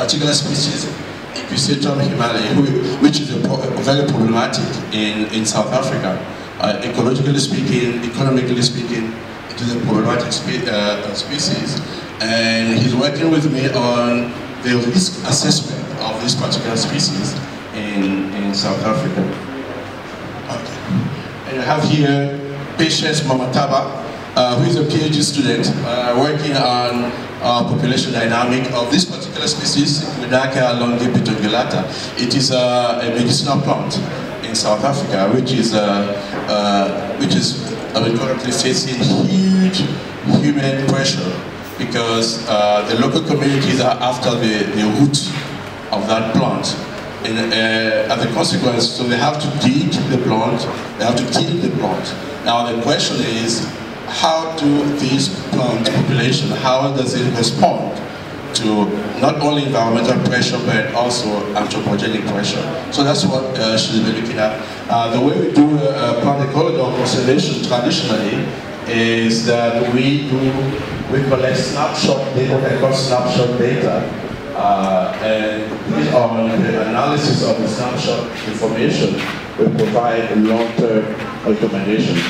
particular species, Equisetum himalayi, which is pro very problematic in, in South Africa. Uh, ecologically speaking, economically speaking, it is a problematic spe uh, uh, species. And he's working with me on the risk assessment of this particular species in, in South Africa. Okay. And I have here Patience Mamataba, uh, who is a PhD student uh, working on uh, population dynamic of this particular species, Midaca longipitongulata. It is uh, a medicinal plant in South Africa, which is, uh, uh which is currently facing huge human pressure because uh, the local communities are after the, the root of that plant. And, uh, and consequence, so they have to dig the plant, they have to kill the plant. Now the question is, how do these plant population, how does it respond to not only environmental pressure but also anthropogenic pressure. So that's what uh, she's been looking at. Uh, the way we do uh, uh plant corridor conservation traditionally is that we do we collect snapshot data, what call snapshot data, uh, and based on the analysis of the snapshot information, we provide long-term recommendations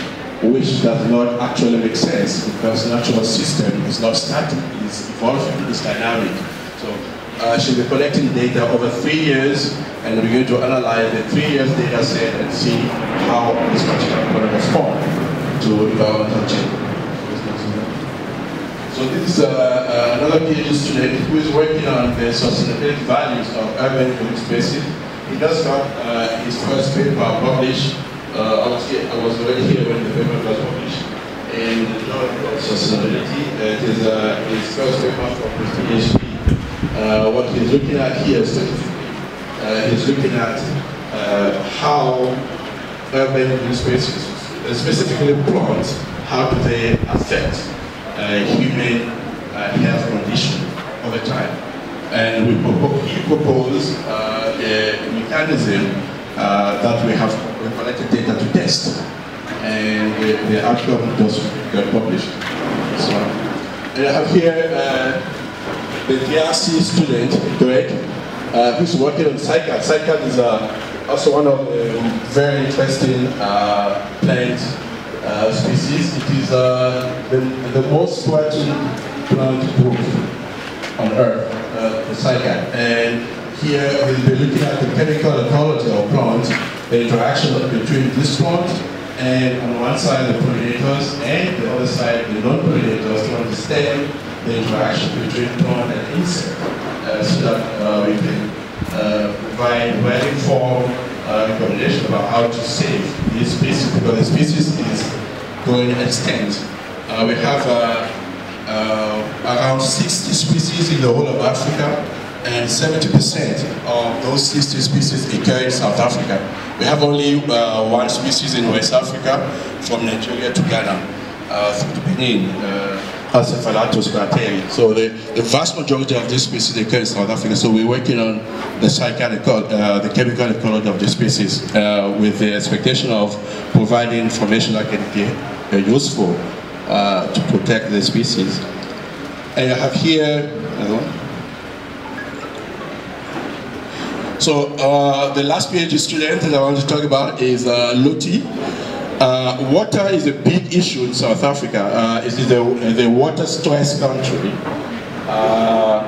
which does not actually make sense because natural system is not static, it's evolving, it's dynamic. So uh, she'll be collecting data over three years and we're going to analyze the three years data set and see how this particular product respond to environmental change. So this is uh, uh, another PhD student who is working on the sustainability values of urban living spaces. He does got uh, his first paper published uh, I, was here, I was already here when the paper was published. And the law of sustainability, it is uh, first paper from his PhD. Uh, what he's looking at here is uh, he's looking at uh, how urban green spaces, uh, specifically plants, how do they affect uh, human uh, health condition over time. And we propose, he proposed a mechanism that we have collected test and the, the outcome was published. So, and I have here uh, the DRC student, Greg, uh, who's working on cycad. Cycad is uh, also one of the very interesting uh, plant uh, species. It is uh, the, the most threatened plant group on Earth, uh, the cycad And here we'll be looking at the chemical ecology of plants, the interaction between this plant and on one side the pollinators and the other side the non-pollinators to understand the interaction between plant and insect uh, so that uh, we can uh, provide well-informed uh, recommendation about how to save these species because the species is going extinct. Uh, we have uh, uh, around 60 species in the whole of Africa and 70% of those 60 species occur in South Africa. We have only uh, one species in West Africa, from Nigeria to Ghana, uh, through the Benin, uh, So the, the, vast majority of these species occur in South Africa, so we're working on the, uh, the chemical ecology of these species uh, with the expectation of providing information that can be uh, useful uh, to protect the species. And I have here, So uh, the last PhD student that I want to talk about is uh, Loti. Uh, water is a big issue in South Africa. Uh, it is the, the water stress country. Uh,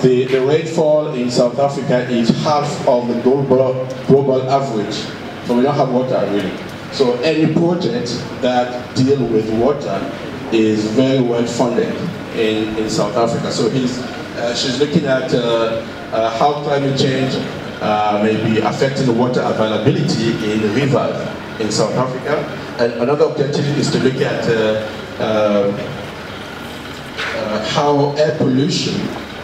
the, the rainfall in South Africa is half of the global, global average. So we don't have water really. So any project that deal with water is very well funded in, in South Africa. So he's, uh, she's looking at uh, uh, how climate change uh, may be affecting the water availability in rivers in South Africa. And another objective is to look at uh, um, uh, how air pollution,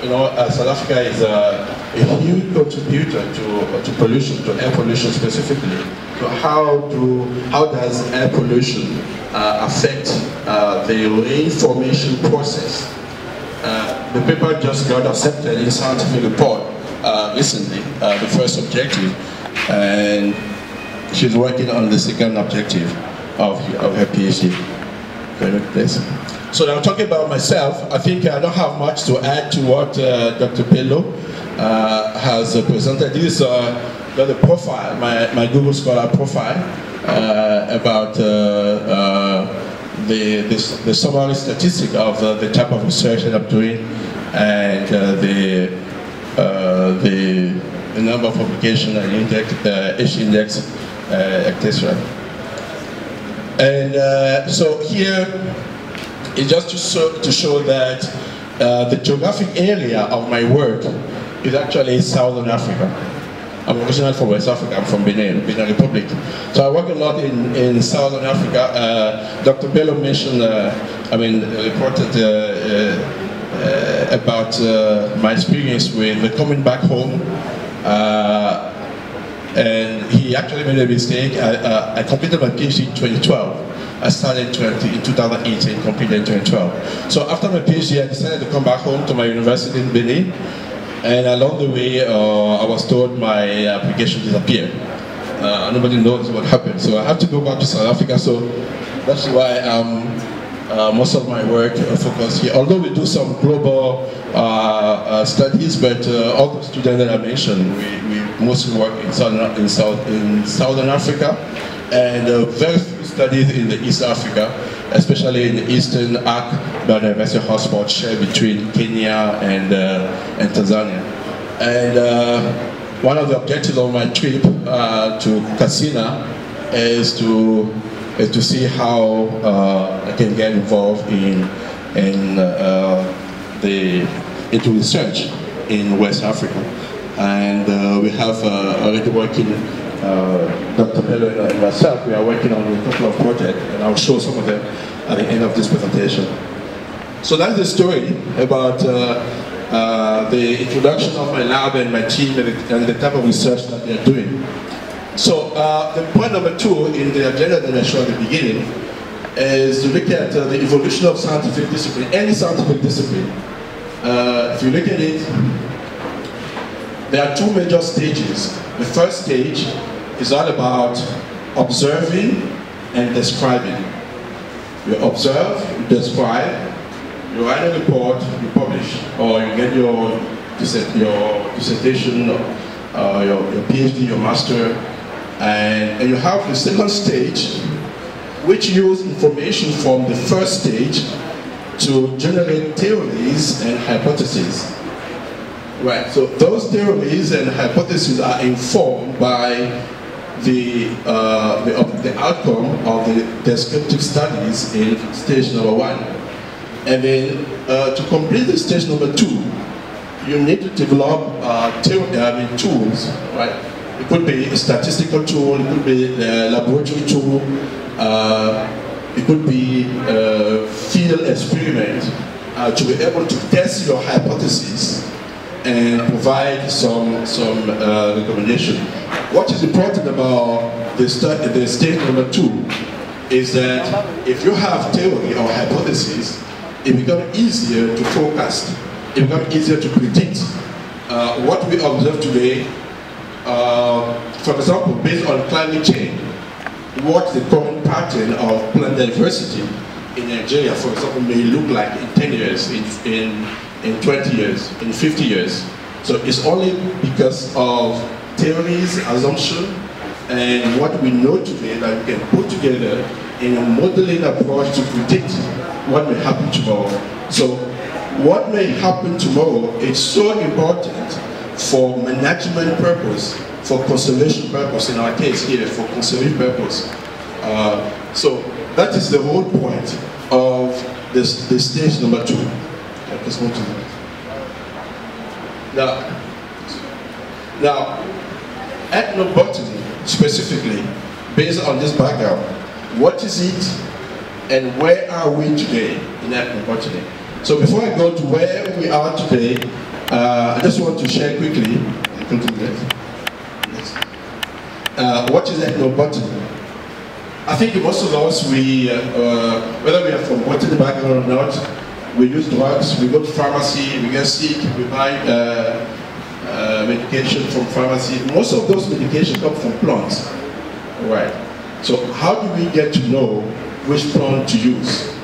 you know, uh, South Africa is a, a huge contributor to, to pollution, to air pollution specifically. So how, do, how does air pollution affect the rain formation process uh, the paper just got accepted in scientific report uh, recently, uh, the first objective, and she's working on the second objective of, of her PhD. Please. So now talking about myself, I think I don't have much to add to what uh, Dr. Pello uh, has presented. This is the profile, my, my Google Scholar profile about the, the, the summary statistic of uh, the type of research that I'm doing and uh, the, the, uh, the, number of publications and index, uh, H index, uh, etc. And so here, it's just to, to show that the geographic area of my work is actually Southern Africa. I'm originally from West Africa. I'm from Benin, Benin Republic. So I work a lot in, in Southern Africa. Uh, Dr. Bello mentioned, uh, I mean, reported uh, uh, uh, about uh, my experience with coming back home. and he actually made a mistake. I, I completed my PhD in 2012. I started 20, in 2018, completed in 2012. So after my PhD, I decided to come back home to my university in Benin. And along the way, uh, I was told my application disappeared. Uh, nobody knows what happened. So I had to go back to South Africa. So that's why um, uh, most of my work focuses here. Although we do some global uh, uh, studies, but uh, all the students that I mentioned, we, we mostly work in southern, in, south, in southern Africa and very few studies in the East Africa especially in the eastern arc biodiversity hotspot shared between Kenya and, uh, and Tanzania. And uh, one of the objectives of my trip uh, to Casina is to is to see how I can get involved in in the into research in West Africa. And uh, we have uh, already working uh, Dr. Bello and myself, we are working on a couple of projects, and I'll show some of them at the end of this presentation. So that's the story about uh, uh the introduction of my lab and my team and the, and the type of research that they are doing. So uh, the point number two in the agenda that I showed at the beginning is to look at uh, the evolution of scientific discipline, any scientific discipline. if you look at it, there are two major stages. The first stage is all about observing and describing. You observe, you describe, you write a report, you publish, or you get your, your dissertation, or, uh, your, your PhD, your master, and, and you have the second stage, which use information from the first stage to generate theories and hypotheses. Right, so those theories and hypotheses are informed by the, uh, the, the, outcome of the descriptive studies in stage number one. And then uh, to complete the stage number two, you need to develop uh, uh tools, right? It could be a statistical tool, it could be a laboratory tool, uh, it could be a uh, field experiment to be able to test your hypothesis and provide some, some uh, recommendation. What is important about the, study, the stage number two is that if you have theory or hypotheses, it becomes easier to forecast. It becomes easier to predict uh, what we observe today. Uh, for example, based on climate change, what the common pattern of plant diversity in Nigeria, for example, may look like in 10 years, in, in in 20 years, in 50 years. So it's only because of theories, assumption, and what we know today that we can put together in a modeling approach to predict what may happen tomorrow. So what may happen tomorrow is so important for management purpose, for conservation purpose, in our case here, for conservation purpose. Uh, so that is the whole point of this, this stage number two this whole Now, now, ethnobotany specifically, based on this background, what is it and where are we today in ethnobotany? So before I go to where we are today, uh, I just want to share quickly, uh, what is ethnobotany? I think most of us, we, uh, uh whether we are from botany background or not, we use drugs, we go to pharmacy, we get sick, we buy uh, uh, medication from pharmacy. Most of those medications come from plants. right? So how do we get to know which plant to use?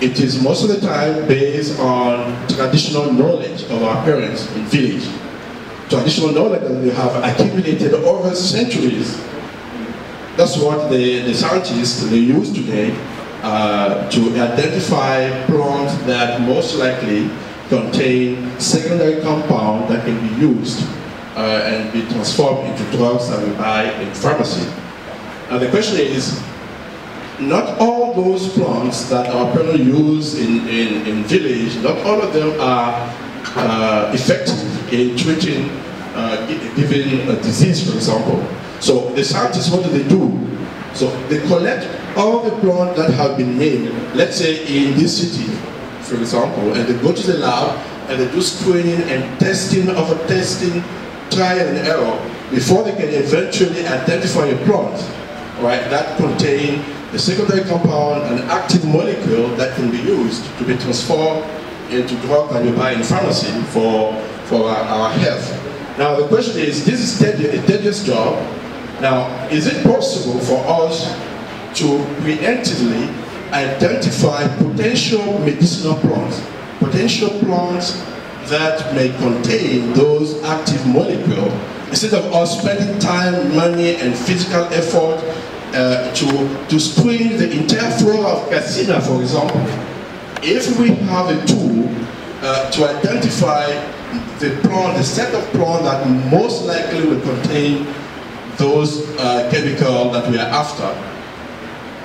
It is most of the time based on traditional knowledge of our parents in village. Traditional knowledge that we have accumulated over centuries. That's what the, the scientists they use today uh, to identify plants that most likely contain secondary compound that can be used uh, and be transformed into drugs that we buy in pharmacy. And the question is, not all those plants that are currently used in, in, in village, not all of them are uh, effective in treating uh, given a disease, for example. So the scientists, what do they do? So they collect all the plants that have been made, let's say in this city, for example, and they go to the lab and they do screening and testing of a testing, trial and error, before they can eventually identify a plant, right, that contain a secondary compound, an active molecule that can be used to be transformed into drug that you buy in pharmacy for, for our, our health. Now the question is, this is a tedious job. Now, is it possible for us to preemptively identify potential medicinal plants, potential plants that may contain those active molecules instead of us spending time, money, and physical effort uh, to, to screen the entire flora of Casina, for example. If we have a tool uh, to identify the plant, the set of plants that most likely will contain those uh, chemicals that we are after,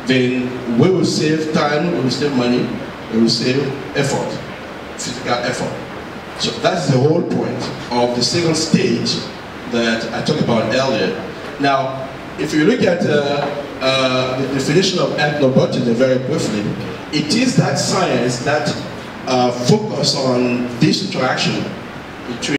then we will save time, we will save money, we will save effort, physical effort. So that's the whole point of the second stage that I talked about earlier. Now, if you look at uh, uh, the definition of ethnobotany very briefly, it is that science that uh, focuses on this interaction between